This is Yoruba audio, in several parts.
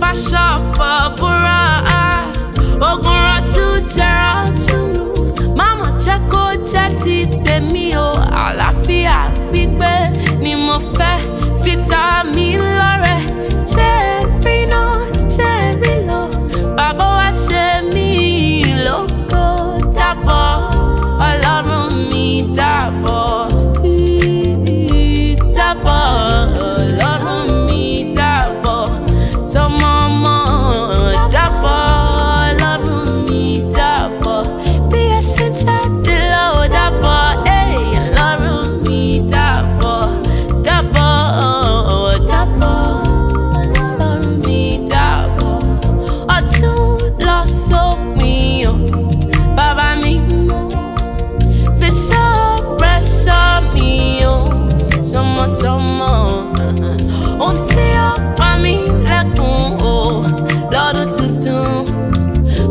fàṣàfà búra ogun rọjú jẹrọ jùnú mama jẹ́ kó jẹ́ ti tèmi o àlàáfíà pípé ni mo fẹ́.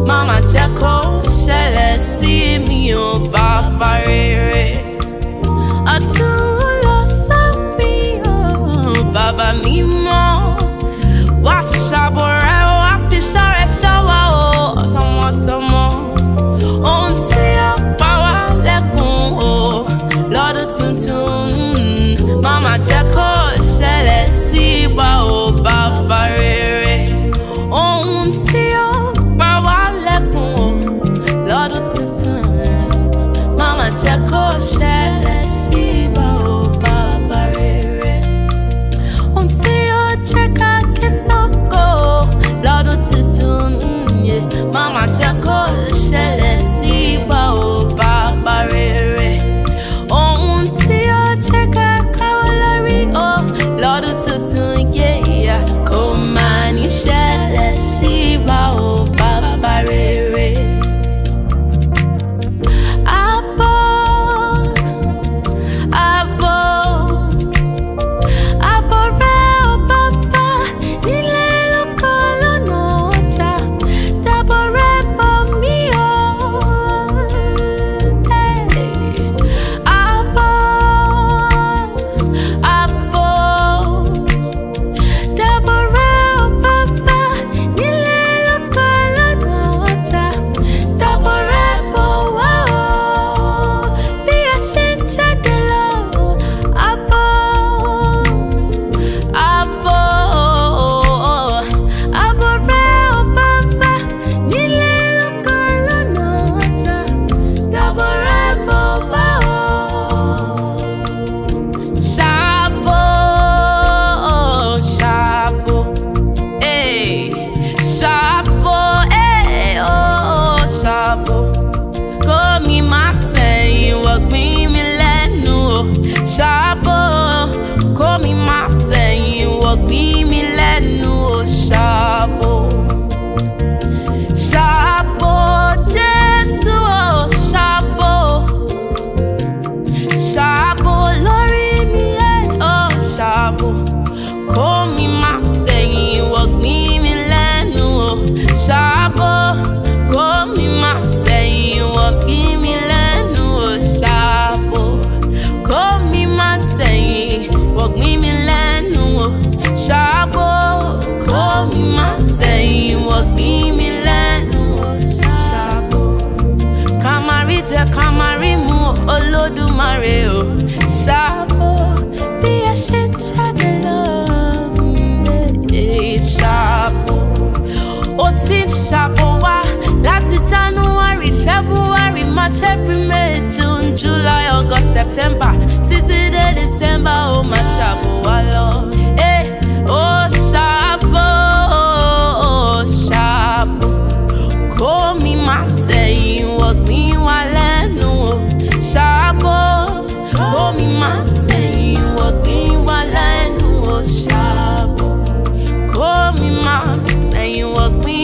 mama chako ṣẹlẹ̀ sí mi ò bá parere ọ̀tún lọ sọ́bí o bàbá mi mọ́ wá ṣàbọ̀rẹ́ wá fi baba mimo, ohun tí ó pa wá lẹ́kùn o tomotomo ohun ti o pa wa lekun o mama chako ṣẹlẹ̀ sí wa o bàbá rẹ. mi máa tẹ̀yìn wọ̀gbìn me lẹ́nu o May, June, July, August, September Títí dé December ó máa ṣàbò wá lọ. Ó ṣàbò ó ṣàbò kó mi má tẹ̀yìn wọ̀gbìn wá lẹ́nu Oh Ṣàbò kó mi má tẹ̀yìn wọ̀gbìn wá lẹ́nu o. Ṣàbò kó mi má tẹ̀yìn wọ̀gbìn.